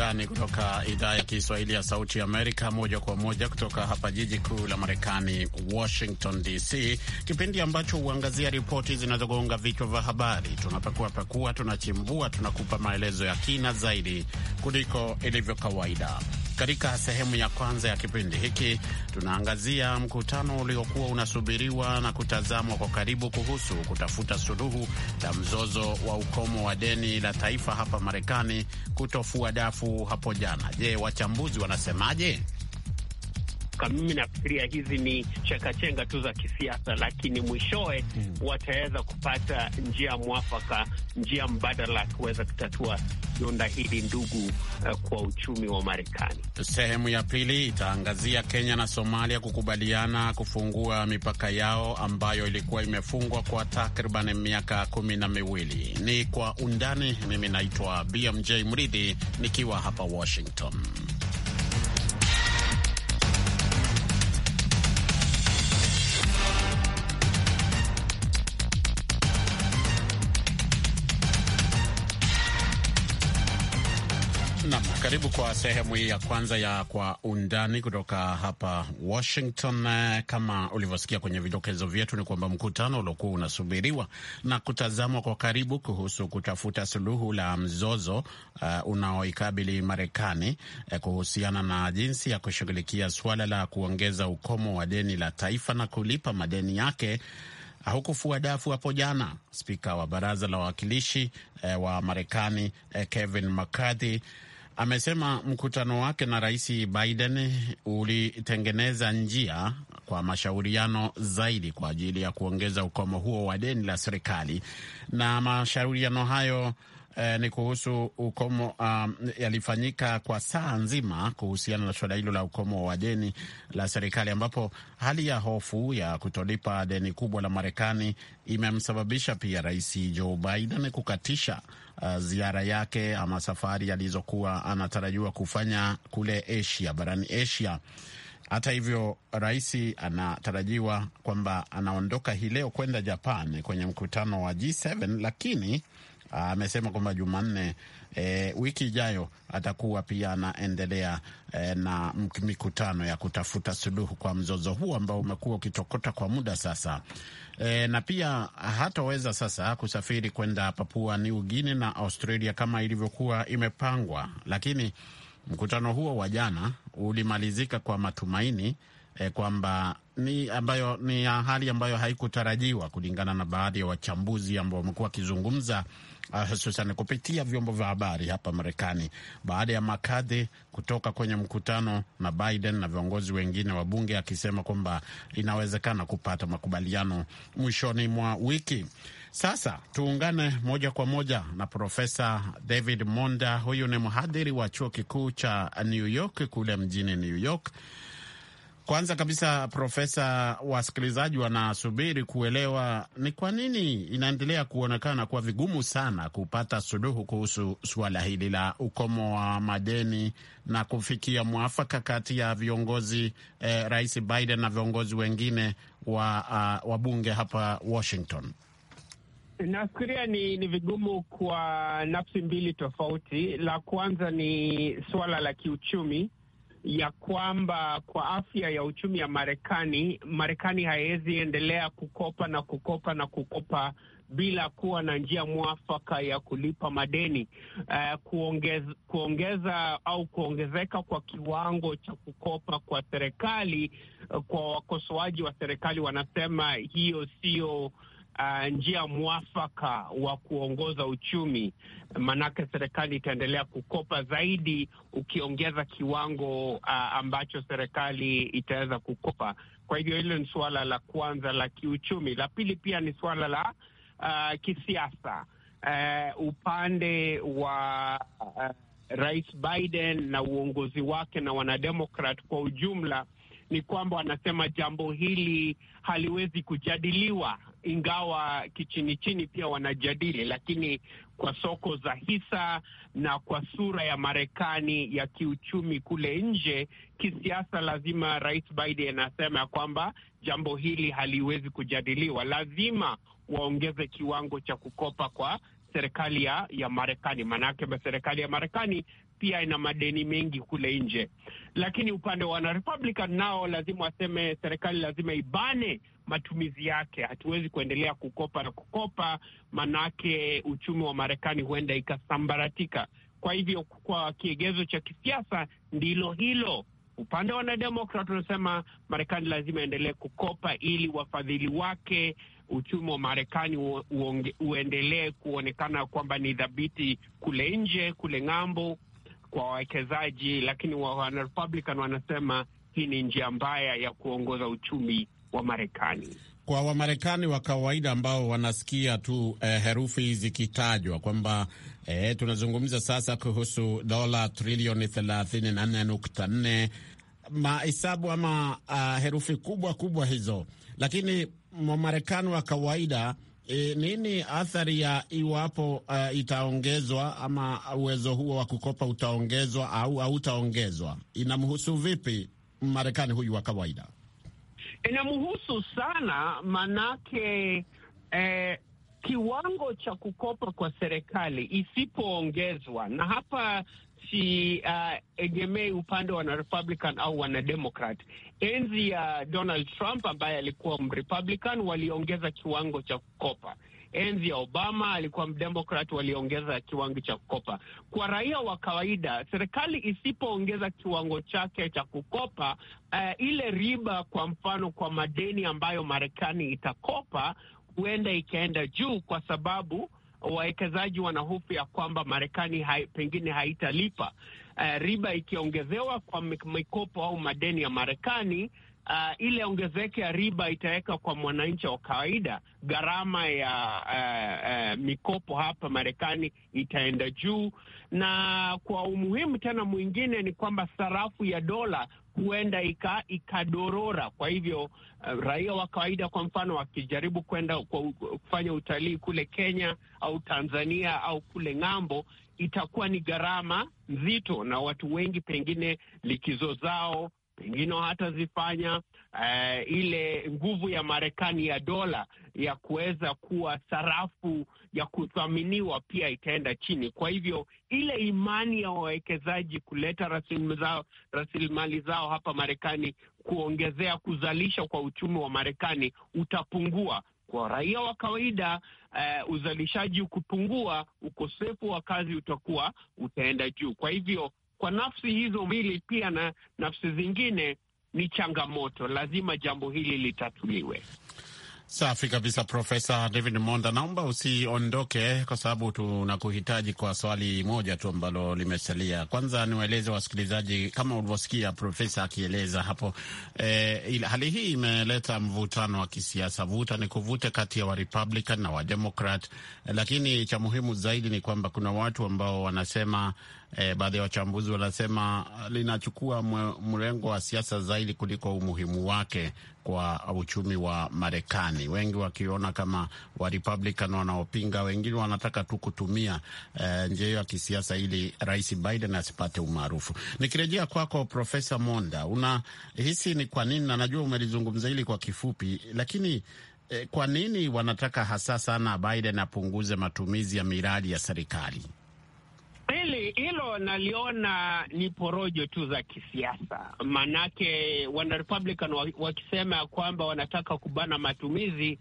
undani kutoka idhaa ya Kiswahili ya Sauti ya Amerika, moja kwa moja kutoka hapa jiji kuu la Marekani, Washington DC, kipindi ambacho huangazia ripoti zinazogonga vichwa vya habari. Tunapekuapekua, tunachimbua, tunakupa maelezo ya kina zaidi kuliko ilivyo kawaida. Katika sehemu ya kwanza ya kipindi hiki tunaangazia mkutano uliokuwa unasubiriwa na kutazamwa kwa karibu kuhusu kutafuta suluhu la mzozo wa ukomo wa deni la taifa hapa Marekani kutofua dafu hapo jana. Je, wachambuzi wanasemaje? kwa mimi nafikiria hizi ni chekachenga tu za kisiasa, lakini mwishowe mm, wataweza kupata njia mwafaka, njia mbadala kuweza kutatua donda hili ndugu, uh, kwa uchumi wa Marekani. Sehemu ya pili itaangazia Kenya na Somalia kukubaliana kufungua mipaka yao ambayo ilikuwa imefungwa kwa takriban miaka kumi na miwili. Ni kwa undani. Mimi naitwa BMJ Mridhi nikiwa hapa Washington. Nam, karibu kwa sehemu hii ya kwanza ya Kwa Undani kutoka hapa Washington. Eh, kama ulivyosikia kwenye vidokezo vyetu, ni kwamba mkutano uliokuwa unasubiriwa na kutazamwa kwa karibu kuhusu kutafuta suluhu la mzozo uh, unaoikabili Marekani uh, kuhusiana na jinsi ya kushughulikia suala la kuongeza ukomo wa deni la taifa na kulipa madeni yake hukufua dafu hapo jana. Spika wa baraza la wawakilishi eh, wa Marekani eh, Kevin McCarthy amesema mkutano wake na Rais Biden ulitengeneza njia kwa mashauriano zaidi kwa ajili ya kuongeza ukomo huo wa deni la serikali na mashauriano hayo eh, ni kuhusu ukomo um, yalifanyika kwa saa nzima kuhusiana na suala hilo la ukomo wa deni la serikali, ambapo hali ya hofu ya kutolipa deni kubwa la Marekani imemsababisha pia Rais Joe Biden kukatisha uh, ziara yake ama safari alizokuwa anatarajiwa kufanya kule Asia, barani Asia. Hata hivyo rais anatarajiwa kwamba anaondoka hii leo kwenda Japan kwenye mkutano wa G7, lakini amesema kwamba Jumanne e, wiki ijayo atakuwa pia anaendelea e, na mikutano ya kutafuta suluhu kwa mzozo huu ambao umekuwa ukitokota kwa muda sasa. E, na pia hataweza sasa kusafiri kwenda Papua New Guinea na Australia kama ilivyokuwa imepangwa, lakini mkutano huo wa jana ulimalizika kwa matumaini e, kwamba ni ambayo ni hali ambayo haikutarajiwa kulingana na baadhi ya wachambuzi ambao wamekuwa wakizungumza uh, hususan kupitia vyombo vya habari hapa Marekani baada ya makadhi kutoka kwenye mkutano na Biden na viongozi wengine wa bunge akisema kwamba inawezekana kupata makubaliano mwishoni mwa wiki. Sasa tuungane moja kwa moja na Profesa David Monda. Huyu ni mhadhiri wa chuo kikuu cha New York kule mjini New York kwanza kabisa, Profesa, wasikilizaji wanasubiri kuelewa ni kwa nini inaendelea kuonekana kuwa vigumu sana kupata suluhu kuhusu suala hili la ukomo wa madeni na kufikia mwafaka kati ya viongozi eh, Rais Biden na viongozi wengine wa uh, wabunge hapa Washington. Nafikiria ni, ni vigumu kwa nafsi mbili tofauti. La kwanza ni suala la kiuchumi ya kwamba kwa afya ya uchumi ya Marekani, Marekani haiwezi endelea kukopa na kukopa na kukopa bila kuwa na njia mwafaka ya kulipa madeni. Uh, kuongeza, kuongeza au kuongezeka kwa kiwango cha kukopa kwa serikali, eh, kwa wakosoaji wa serikali wanasema hiyo sio uh, njia mwafaka wa kuongoza uchumi, maanake serikali itaendelea kukopa zaidi ukiongeza kiwango uh, ambacho serikali itaweza kukopa. Kwa hivyo hilo ni suala la kwanza la kiuchumi. La pili pia ni suala la uh, kisiasa uh, upande wa uh, Rais Biden na uongozi wake na wanademokrat kwa ujumla ni kwamba wanasema jambo hili haliwezi kujadiliwa ingawa kichini chini pia wanajadili, lakini kwa soko za hisa na kwa sura ya Marekani ya kiuchumi kule nje, kisiasa, lazima Rais Biden anasema kwamba jambo hili haliwezi kujadiliwa, lazima waongeze kiwango cha kukopa kwa serikali ya, ya Marekani, maanake serikali ya Marekani pia ina madeni mengi kule nje. Lakini upande wa wanarepublican nao lazima waseme serikali lazima ibane matumizi yake. Hatuwezi kuendelea kukopa na kukopa, manake uchumi wa Marekani huenda ikasambaratika. Kwa hivyo, kwa kiegezo cha kisiasa ndilo hilo. Upande wa wanademokrat wanasema Marekani lazima endelee kukopa ili wafadhili wake, uchumi wa Marekani uendelee kuonekana kwamba ni dhabiti kule nje, kule ng'ambo kwa wawekezaji. Lakini wa wanarepublican wanasema hii ni njia mbaya ya kuongoza uchumi wa Marekani. Kwa Wamarekani wa kawaida ambao wanasikia tu eh, herufi zikitajwa kwamba eh, tunazungumza sasa kuhusu dola trilioni 34.4 mahesabu ama uh, herufi kubwa kubwa hizo, lakini Wamarekani wa kawaida E, nini athari ya iwapo uh, itaongezwa ama uwezo huo wa kukopa utaongezwa au hautaongezwa? Inamhusu vipi Marekani huyu wa kawaida? inamhusu sana, manake eh, kiwango cha kukopa kwa serikali isipoongezwa, na hapa si uh, egemei upande wa wanarepublican au wanademokrat. Enzi ya Donald Trump ambaye alikuwa mrepublican, waliongeza kiwango cha kukopa enzi ya Obama alikuwa mdemokrat, waliongeza kiwango cha kukopa kwa raia wa kawaida. Serikali isipoongeza kiwango chake cha kukopa, uh, ile riba kwa mfano kwa madeni ambayo Marekani itakopa huenda ikaenda juu kwa sababu wawekezaji wanahofu ya kwamba Marekani hai, pengine haitalipa uh, riba ikiongezewa kwa mikopo au madeni ya Marekani uh, ile ongezeko ya riba itaweka kwa mwananchi wa kawaida, gharama ya uh, uh, mikopo hapa Marekani itaenda juu, na kwa umuhimu tena mwingine ni kwamba sarafu ya dola huenda ikadorora ika, kwa hivyo uh, raia wa kawaida, kwa mfano, wakijaribu kwenda kufanya utalii kule Kenya au Tanzania au kule ng'ambo, itakuwa ni gharama nzito, na watu wengi pengine likizo zao pengine hatazifanya. Uh, ile nguvu ya Marekani ya dola ya kuweza kuwa sarafu ya kuthaminiwa pia itaenda chini. Kwa hivyo ile imani ya wawekezaji kuleta rasilimali zao hapa Marekani, kuongezea kuzalisha kwa uchumi wa Marekani utapungua. Kwa raia wa kawaida uh, uzalishaji ukipungua, ukosefu wa kazi utakuwa utaenda juu. Kwa hivyo kwa nafsi hizo mbili pia na nafsi zingine ni changamoto. Lazima jambo hili litatuliwe. Safi kabisa, Profesa David Monda, naomba usiondoke kwa sababu tunakuhitaji kwa swali moja tu ambalo limesalia. Kwanza niwaeleze wasikilizaji, kama ulivyosikia profesa akieleza hapo, eh, hali hii imeleta mvutano wa kisiasa, vuta ni kuvute kati ya Warepublican na Wademokrat, lakini cha muhimu zaidi ni kwamba kuna watu ambao wanasema e, baadhi ya wachambuzi wanasema uh, linachukua mrengo wa siasa zaidi kuliko umuhimu wake kwa uchumi wa Marekani, wengi wakiona kama wa Republican wanaopinga, wengine wanataka tu kutumia e, njia hiyo ya kisiasa ili Rais Biden asipate umaarufu. Nikirejea kwako kwa Profesa Monda, unahisi ni kwa nini, na najua umelizungumza hili kwa kifupi, lakini eh, kwa nini wanataka hasa sana Biden apunguze matumizi ya miradi ya serikali? Kweli hilo naliona ni porojo tu za kisiasa, maanake wana Republican wakisema ya kwamba wanataka kubana matumizi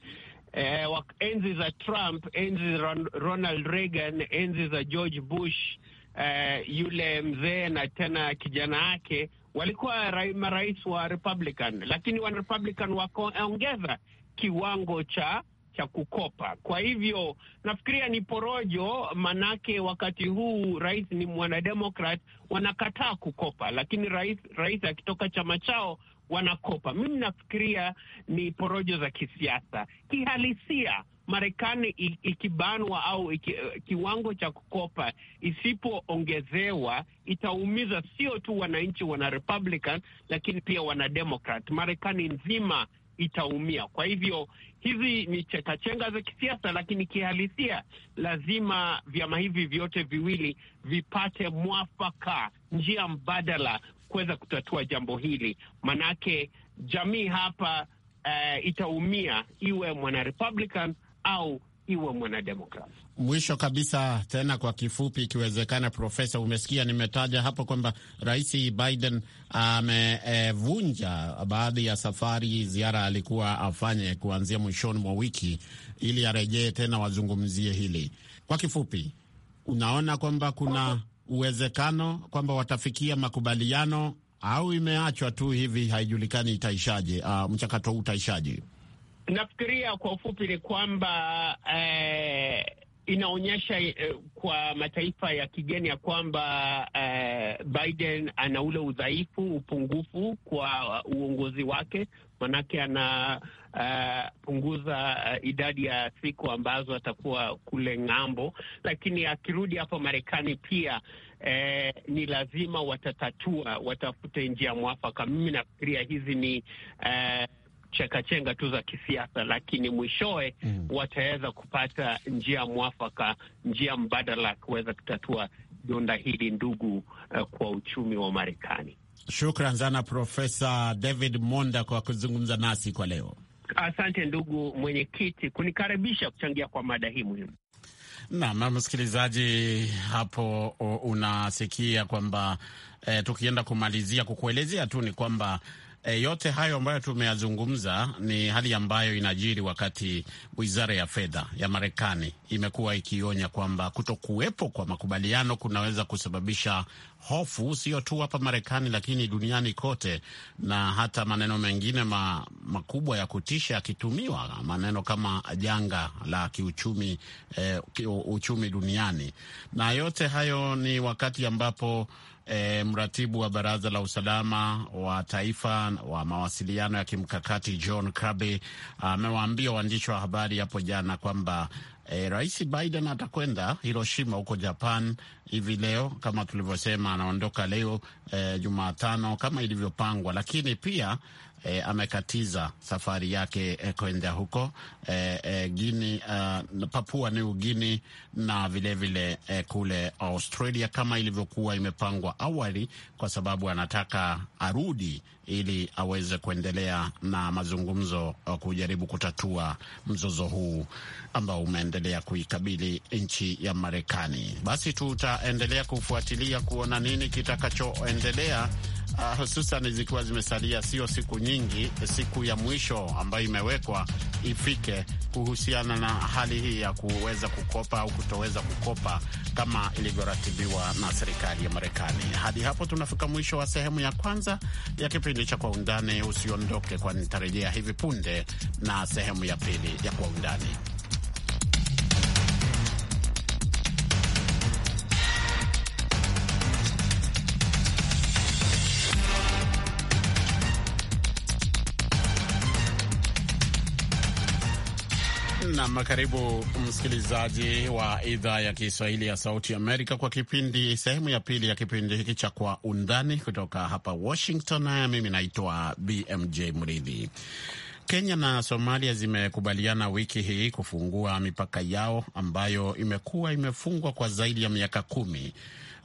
eh, wak, enzi za Trump, enzi za Ronald Reagan, enzi za George Bush eh, yule mzee na tena kijana yake walikuwa marais wa Republican, lakini wana Republican wakaongeza kiwango cha cha kukopa. Kwa hivyo nafikiria ni porojo, manake wakati huu rais ni mwanademokrat, wanakataa kukopa, lakini rais rais akitoka chama chao wanakopa. Mimi nafikiria ni porojo za kisiasa. Kihalisia, Marekani ikibanwa au iki, kiwango cha kukopa isipoongezewa itaumiza sio tu wananchi wana Republican, lakini pia wana Democrat. Marekani nzima itaumia. Kwa hivyo hizi ni chekachenga za kisiasa, lakini kihalisia lazima vyama hivi vyote viwili vipate mwafaka, njia mbadala kuweza kutatua jambo hili, manake jamii hapa uh, itaumia, iwe mwana Republican au iwe mwana Democrat mwisho kabisa, tena kwa kifupi ikiwezekana, Profesa, umesikia nimetaja hapo kwamba Rais Biden amevunja e, baadhi ya safari ziara alikuwa afanye kuanzia mwishoni mwa wiki ili arejee tena wazungumzie hili kwa kifupi. Unaona kwamba kuna uwezekano kwamba watafikia makubaliano au imeachwa tu hivi, haijulikani itaishaje, uh, mchakato huu utaishaje? Nafikiria kwa ufupi ni kwamba eh, inaonyesha eh, kwa mataifa ya kigeni ya kwamba eh, Biden ana ule udhaifu, upungufu kwa uh, uongozi wake, manake anapunguza eh, eh, idadi ya siku ambazo atakuwa kule ng'ambo, lakini akirudi hapa Marekani pia Eh, ni lazima watatatua, watafute njia mwafaka. Mimi nafikiria hizi ni eh, chekachenga tu za kisiasa, lakini mwishowe mm, wataweza kupata njia mwafaka, njia mbadala kuweza kutatua donda hili ndugu uh, kwa uchumi wa Marekani. Shukran sana Profesa David Monda kwa kuzungumza nasi kwa leo. Asante ndugu mwenyekiti kunikaribisha kuchangia kwa mada hii muhimu. Naam msikilizaji, hapo unasikia kwamba eh, tukienda kumalizia kukuelezea tu ni kwamba E, yote hayo ambayo tumeyazungumza ni hali ambayo inajiri wakati wizara ya fedha ya Marekani imekuwa ikionya kwamba kutokuwepo kwa makubaliano kunaweza kusababisha hofu sio tu hapa Marekani lakini duniani kote, na hata maneno mengine ma, makubwa ya kutisha yakitumiwa, maneno kama janga la kiuchumi eh, uchumi duniani. Na yote hayo ni wakati ambapo e, mratibu wa baraza la usalama wa taifa wa mawasiliano ya kimkakati John Kirby amewaambia waandishi wa habari hapo jana kwamba e, Rais Biden atakwenda Hiroshima huko Japan hivi leo, kama tulivyosema, anaondoka leo e, Jumatano kama ilivyopangwa, lakini pia e, amekatiza safari yake e, kwenda huko e, eh, e, Gini, uh, Papua ni Ugini na vilevile vile, e, kule Australia kama ilivyokuwa imepangwa awali, kwa sababu anataka arudi ili aweze kuendelea na mazungumzo kujaribu kutatua mzozo huu ambao umeendelea kuikabili nchi ya Marekani. Basi tutaendelea kufuatilia kuona nini kitakachoendelea. Uh, hususan zikiwa zimesalia sio siku nyingi, siku ya mwisho ambayo imewekwa ifike kuhusiana na hali hii ya kuweza kukopa au kutoweza kukopa kama ilivyoratibiwa na serikali ya Marekani. Hadi hapo tunafika mwisho wa sehemu ya kwanza ya kipindi kipindi cha Kwa Undani. Usiondoke, kwani nitarejea hivi punde na sehemu ya pili ya Kwa Undani. Nam, karibu msikilizaji wa idhaa ya Kiswahili ya Sauti Amerika kwa kipindi sehemu ya pili ya kipindi hiki cha Kwa Undani kutoka hapa Washington. Haya, mimi naitwa BMJ Mridhi. Kenya na Somalia zimekubaliana wiki hii kufungua mipaka yao ambayo imekuwa imefungwa kwa zaidi ya miaka kumi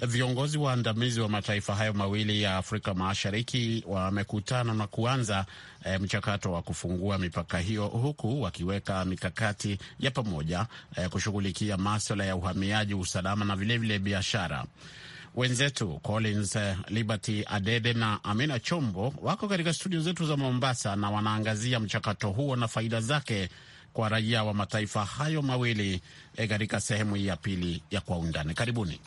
viongozi waandamizi wa mataifa hayo mawili ya Afrika Mashariki wamekutana na kuanza e, mchakato wa kufungua mipaka hiyo huku wakiweka mikakati ya pamoja e, kushughulikia maswala ya uhamiaji, usalama na vilevile biashara. Wenzetu Collins eh, Liberty Adede na Amina Chombo wako katika studio zetu za Mombasa na wanaangazia mchakato huo na faida zake kwa raia wa mataifa hayo mawili katika sehemu hii ya pili ya Kwa Undani. Karibuni.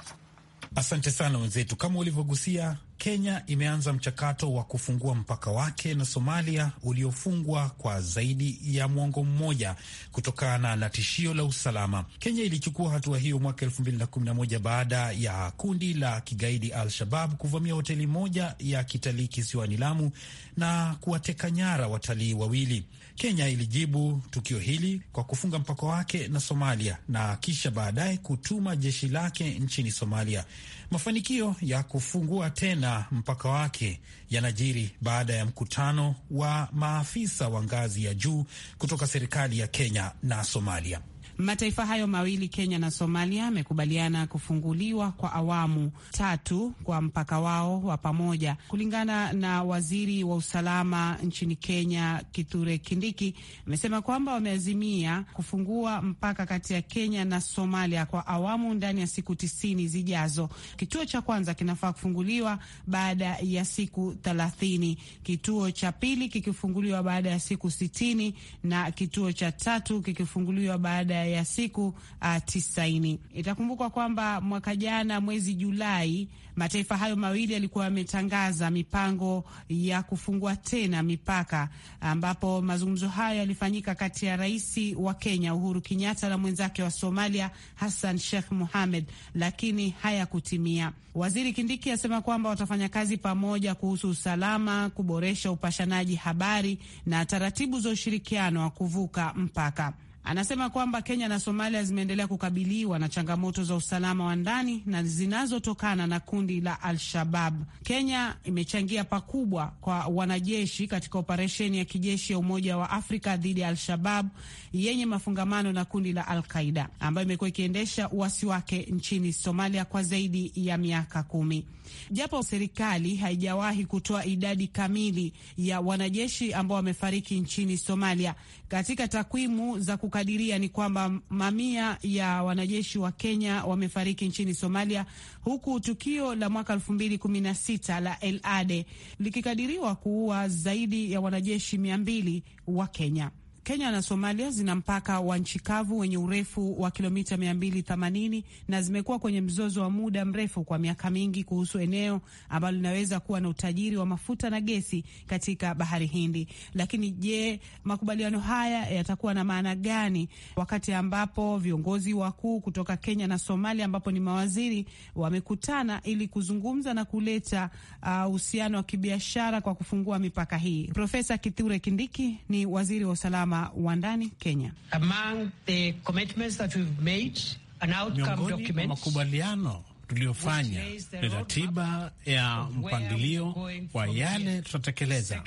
Asante sana wenzetu, kama ulivyogusia Kenya imeanza mchakato wa kufungua mpaka wake na Somalia uliofungwa kwa zaidi ya mwongo mmoja kutokana na tishio la usalama. Kenya ilichukua hatua hiyo mwaka 2011 baada ya kundi la kigaidi Al-Shabab kuvamia hoteli moja ya kitalii kisiwani Lamu na kuwateka nyara watalii wawili. Kenya ilijibu tukio hili kwa kufunga mpaka wake na Somalia na kisha baadaye kutuma jeshi lake nchini Somalia. Mafanikio ya kufungua tena na mpaka wake yanajiri baada ya mkutano wa maafisa wa ngazi ya juu kutoka serikali ya Kenya na Somalia. Mataifa hayo mawili Kenya na Somalia yamekubaliana kufunguliwa kwa awamu tatu kwa mpaka wao wa pamoja, kulingana na waziri wa usalama nchini Kenya Kithure Kindiki amesema kwamba wameazimia kufungua mpaka kati ya Kenya na Somalia kwa awamu ndani ya siku tisini zijazo. Kituo cha kwanza kinafaa kufunguliwa baada ya siku thelathini, kituo cha pili kikifunguliwa baada ya siku sitini na kituo cha tatu kikifunguliwa baada ya siku uh, tisaini. Itakumbukwa kwamba mwaka jana mwezi Julai mataifa hayo mawili yalikuwa yametangaza mipango ya kufungua tena mipaka, ambapo mazungumzo hayo yalifanyika kati ya rais wa Kenya Uhuru Kenyatta na mwenzake wa Somalia Hassan Sheikh Mohamed, lakini hayakutimia. Waziri Kindiki asema kwamba watafanya kazi pamoja kuhusu usalama, kuboresha upashanaji habari na taratibu za ushirikiano wa kuvuka mpaka. Anasema kwamba Kenya na Somalia zimeendelea kukabiliwa na changamoto za usalama wa ndani na zinazotokana na kundi la Al-Shabab. Kenya imechangia pakubwa kwa wanajeshi katika operesheni ya kijeshi ya Umoja wa Afrika dhidi ya Al-Shabab yenye mafungamano na kundi la Al-Qaida ambayo imekuwa ikiendesha uasi wake nchini Somalia kwa zaidi ya miaka kumi japo serikali haijawahi kutoa idadi kamili ya wanajeshi ambao wamefariki nchini Somalia. Katika takwimu za kukadiria ni kwamba mamia ya wanajeshi wa Kenya wamefariki nchini Somalia, huku tukio la mwaka 2016 la El Ade likikadiriwa kuua zaidi ya wanajeshi 200 wa Kenya. Kenya na Somalia zina mpaka wa nchi kavu wenye urefu wa kilomita 280 na zimekuwa kwenye mzozo wa muda mrefu kwa miaka mingi kuhusu eneo ambalo linaweza kuwa na utajiri wa mafuta na gesi katika bahari Hindi. Lakini je, makubaliano haya yatakuwa na maana gani wakati ambapo viongozi wakuu kutoka Kenya na Somalia ambapo ni mawaziri wamekutana ili kuzungumza na kuleta uh, uhusiano wa kibiashara kwa kufungua mipaka hii? Profesa Kithure Kindiki ni waziri wa usalama usalama wa ndani Kenya. Among the commitments that we've made, an outcome document, makubaliano tuliofanya ni ratiba ya mpangilio wa yale tutatekeleza.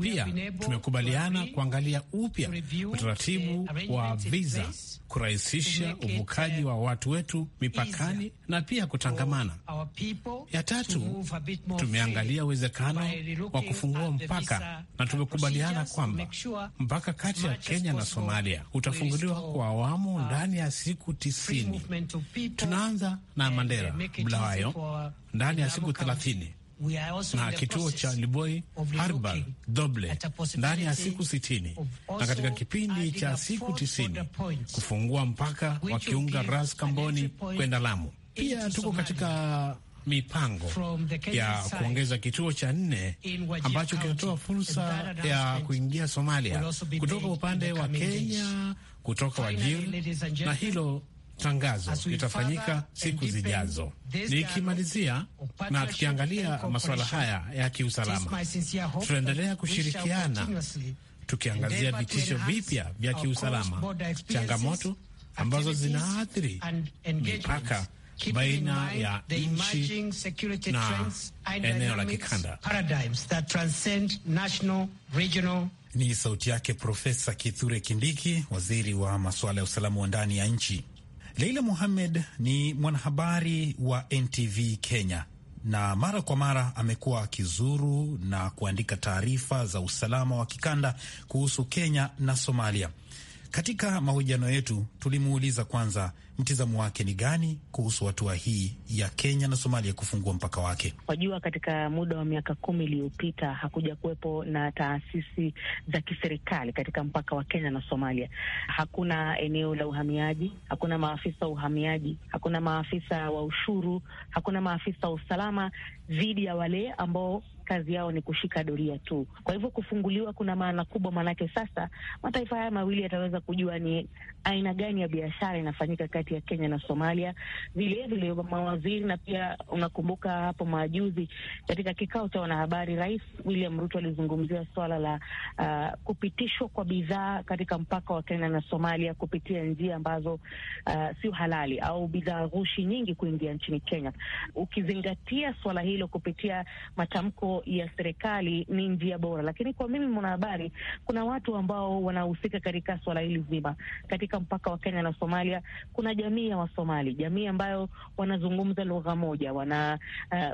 Pia tumekubaliana kuangalia upya utaratibu wa viza kurahisisha uvukaji wa watu wetu mipakani na pia kutangamana. Ya tatu, tumeangalia uwezekano wa kufungua mpaka na tumekubaliana kwamba mpaka kati ya Kenya na Somalia utafunguliwa kwa awamu ndani ya siku tisini. Tunaanza na Mandera Bulawayo ndani ya siku thelathini na kituo cha Liboi Harbour Doble ndani ya siku sitini na katika kipindi cha siku tisini kufungua mpaka wa kiunga Ras Kamboni kwenda Lamu. Pia tuko katika mipango ya kuongeza kituo cha nne ambacho kitatoa fursa ya kuingia Somalia kutoka upande wa Kenya, kutoka Wajir, na hilo Tangazo litafanyika siku zijazo. Nikimalizia na tukiangalia masuala haya ya kiusalama, tunaendelea kushirikiana tukiangazia vitisho vipya vya kiusalama, changamoto ambazo zinaathiri mipaka baina ya nchi na eneo la kikanda. Ni sauti yake Profesa Kithure Kindiki, waziri wa masuala ya usalama wa ndani ya nchi. Leila Muhamed ni mwanahabari wa NTV Kenya na mara kwa mara amekuwa akizuru na kuandika taarifa za usalama wa kikanda kuhusu Kenya na Somalia. Katika mahojiano yetu tulimuuliza kwanza mtizamo wake ni gani kuhusu hatua hii ya Kenya na Somalia kufungua mpaka wake? Wajua, katika muda wa miaka kumi iliyopita hakuja kuwepo na taasisi za kiserikali katika mpaka wa Kenya na Somalia. Hakuna eneo la uhamiaji, hakuna maafisa wa uhamiaji, hakuna maafisa wa ushuru, hakuna maafisa wa usalama dhidi ya wale ambao kazi yao ni kushika doria tu. Kwa hivyo kufunguliwa kuna maana kubwa, maanake sasa mataifa haya mawili yataweza kujua ni aina gani ya biashara inafanyika kati kati ya Kenya na Somalia, vilevile mawaziri na pia unakumbuka hapo majuzi katika kikao cha wanahabari, Rais William Ruto alizungumzia swala la uh, kupitishwa kwa bidhaa katika mpaka wa Kenya na Somalia kupitia njia ambazo uh, sio halali au bidhaa ghushi nyingi kuingia nchini Kenya. Ukizingatia swala hilo kupitia matamko ya serikali, ni njia bora, lakini kwa mimi mwanahabari, kuna watu ambao wanahusika katika swala hili zima katika mpaka wa Kenya na Somalia kuna tuna jamii ya Wasomali, jamii ambayo wanazungumza lugha moja, wana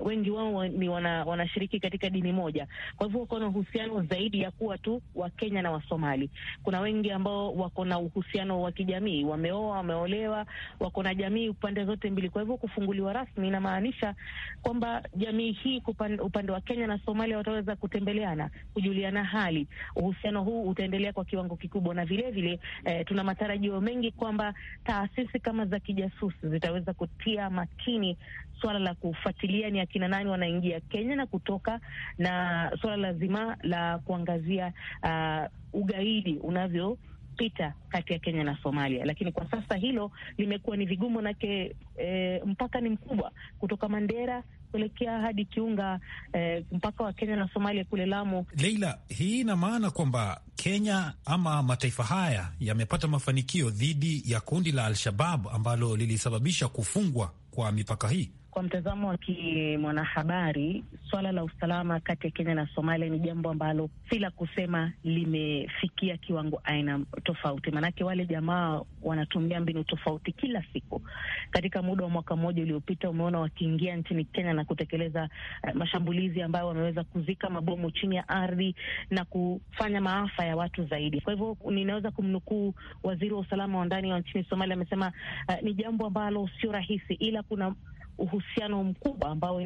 uh, wengi wao ni wana, wanashiriki katika dini moja. Kwa hivyo wako na uhusiano zaidi ya kuwa tu Wakenya na Wasomali. Kuna wengi ambao wako na uhusiano wa kijamii, wameoa, wameolewa, wako na jamii upande zote mbili. Kwa hivyo kufunguliwa rasmi inamaanisha kwamba jamii hii upande wa Kenya na Somalia wataweza kutembeleana, kujuliana hali. Uhusiano huu utaendelea kwa kiwango kikubwa, na vilevile vile, eh, tuna matarajio mengi kwamba taasisi kama za kijasusi zitaweza kutia makini swala la kufuatilia ni akina nani wanaingia Kenya na kutoka, na swala lazima la kuangazia uh, ugaidi unavyo pita kati ya Kenya na Somalia, lakini kwa sasa hilo limekuwa ni vigumu, manake e, mpaka ni mkubwa kutoka Mandera kuelekea hadi kiunga eh, mpaka wa Kenya na Somalia kule Lamu. Leila, hii ina maana kwamba Kenya ama mataifa haya yamepata mafanikio dhidi ya kundi la Al-Shabab ambalo lilisababisha kufungwa kwa mipaka hii? Kwa mtazamo wa kimwanahabari, swala la usalama kati ya Kenya na Somalia ni jambo ambalo si la kusema limefikia kiwango aina tofauti, maanake wale jamaa wanatumia mbinu tofauti kila siku. Katika muda wa mwaka mmoja uliopita, umeona wakiingia nchini Kenya na kutekeleza eh, mashambulizi ambayo wameweza kuzika mabomu chini ya ardhi na kufanya maafa ya watu zaidi. Kwa hivyo ninaweza kumnukuu waziri wa usalama wa ndani wa nchini Somalia amesema, uh, ni jambo ambalo sio rahisi, ila kuna uhusiano mkubwa ambao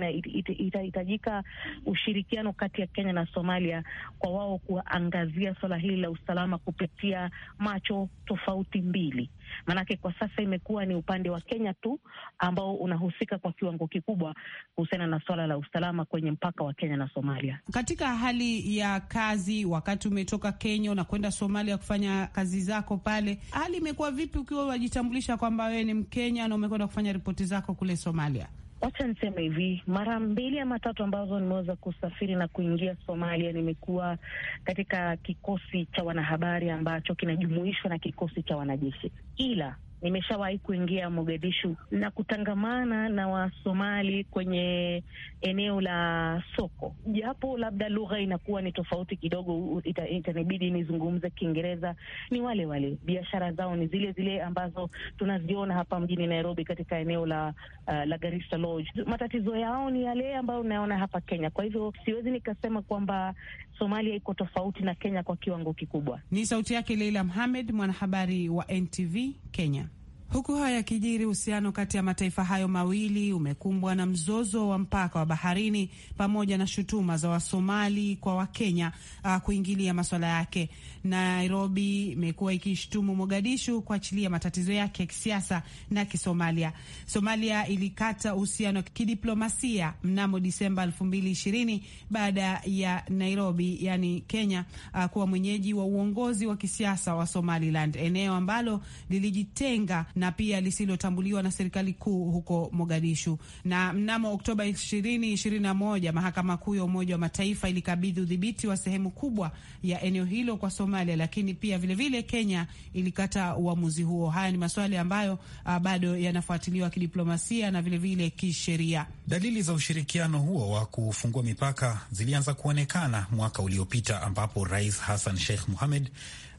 itahitajika ushirikiano kati ya Kenya na Somalia kwa wao kuangazia swala hili la usalama kupitia macho tofauti mbili. Maanake kwa sasa imekuwa ni upande wa Kenya tu ambao unahusika kwa kiwango kikubwa kuhusiana na swala la usalama kwenye mpaka wa Kenya na Somalia. Katika hali ya kazi, wakati umetoka Kenya unakwenda Somalia kufanya kazi zako pale, hali imekuwa vipi ukiwa unajitambulisha kwamba wewe ni Mkenya na umekwenda kufanya ripoti zako kule Somalia? wacha niseme hivi, mara mbili ama tatu ambazo nimeweza kusafiri na kuingia Somalia, nimekuwa katika kikosi cha wanahabari ambacho kinajumuishwa na kikosi cha wanajeshi, ila Nimeshawahi kuingia Mogadishu na kutangamana na Wasomali kwenye eneo la soko, japo labda lugha inakuwa ni tofauti kidogo, ita, itanibidi nizungumze Kiingereza. Ni wale wale, biashara zao ni zile zile ambazo tunaziona hapa mjini Nairobi, katika eneo la uh, la Garissa Lodge. Matatizo yao ni yale ambayo unaona hapa Kenya. Kwa hivyo siwezi nikasema kwamba Somalia iko tofauti na Kenya kwa kiwango kikubwa. Ni sauti yake Leila Mohamed, mwanahabari wa NTV Kenya. Huku haya yakijiri, uhusiano kati ya mataifa hayo mawili umekumbwa na mzozo wa mpaka wa baharini pamoja na shutuma za Wasomali kwa Wakenya uh, kuingilia masuala yake. Nairobi imekuwa ikishutumu Mogadishu kuachilia matatizo yake ya kisiasa na kisomalia. Somalia ilikata uhusiano wa kidiplomasia mnamo Disemba 2020 baada ya Nairobi, yani Kenya, uh, kuwa mwenyeji wa uongozi wa kisiasa wa Somaliland, eneo ambalo lilijitenga na pia lisilotambuliwa na serikali kuu huko Mogadishu. Na mnamo Oktoba 2021 mahakama kuu ya Umoja wa Mataifa ilikabidhi udhibiti wa sehemu kubwa ya eneo hilo kwa Somalia, lakini pia vilevile vile Kenya ilikata uamuzi huo. Haya ni maswali ambayo uh, bado yanafuatiliwa kidiplomasia na vilevile vile kisheria. Dalili za ushirikiano huo wa kufungua mipaka zilianza kuonekana mwaka uliopita ambapo Rais Hassan Sheikh Mohamed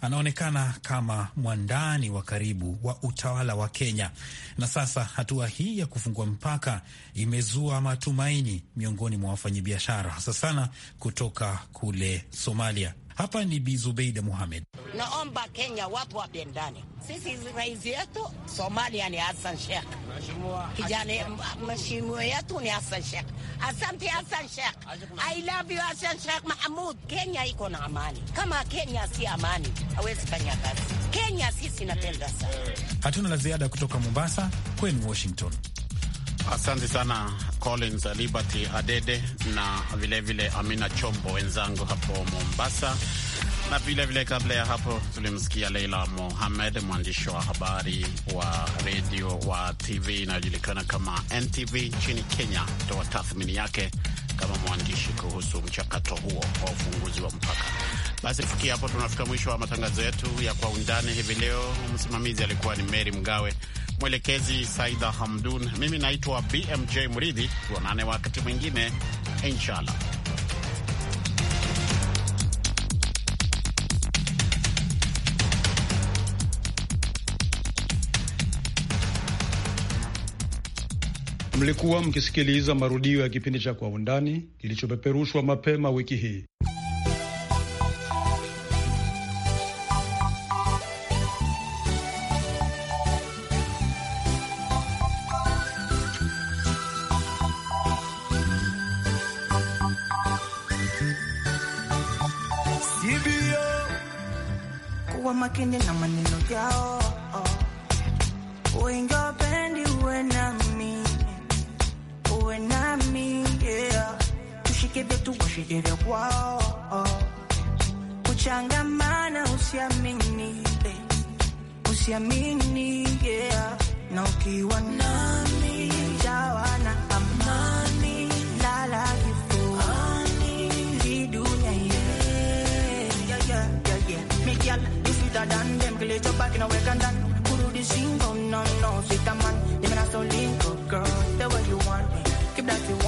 anaonekana kama mwandani wa karibu wa utawala wa Kenya, na sasa hatua hii ya kufungua mpaka imezua matumaini miongoni mwa wafanyabiashara hasa sana kutoka kule Somalia. Hapa ni Bi Zubeida Muhamed. Naomba Kenya watu wapendane. Sisi rais yetu Somalia ni Hassan Sheikh, kijana mheshimiwa yetu ni Hassan Sheikh. Asante Hassan Sheikh, I love you Hassan Sheikh Mahmud. Kenya iko na amani. Kama Kenya si amani, hawezi fanya kazi. Kenya sisi napenda sana. Hatuna la ziada kutoka Mombasa, kwenu Washington. Asante sana Collins Liberty Adede na vilevile vile Amina Chombo wenzangu hapo Mombasa, na vilevile vile kabla ya hapo tulimsikia Leila Mohamed, mwandishi wa habari wa redio wa TV inayojulikana kama NTV nchini Kenya, kutoa tathmini yake kama mwandishi kuhusu mchakato huo wa ufunguzi wa mpaka. Basi kufikia hapo tunafika mwisho wa matangazo yetu ya Kwa Undani hivi leo. Msimamizi alikuwa ni Meri Mgawe mwelekezi Saida Hamdun, mimi naitwa BMJ Mridhi. Tuonane wakati mwingine inshallah. Mlikuwa mkisikiliza marudio ya kipindi cha Kwa Undani kilichopeperushwa mapema wiki hii. lakini na maneno yao oh. Wengi wapendi uwe nami, uwe nami yeah. Tushike vyetu washike vya kwao oh. Kuchangamana usiamini eh. Usiamini yeah. Na ukiwa nami better than them. Kill it up back in a work and done. Kuru sing, oh no, no, sweet man. Them and I so link up, girl. The way you want me. Keep that you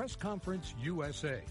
Press Conference USA.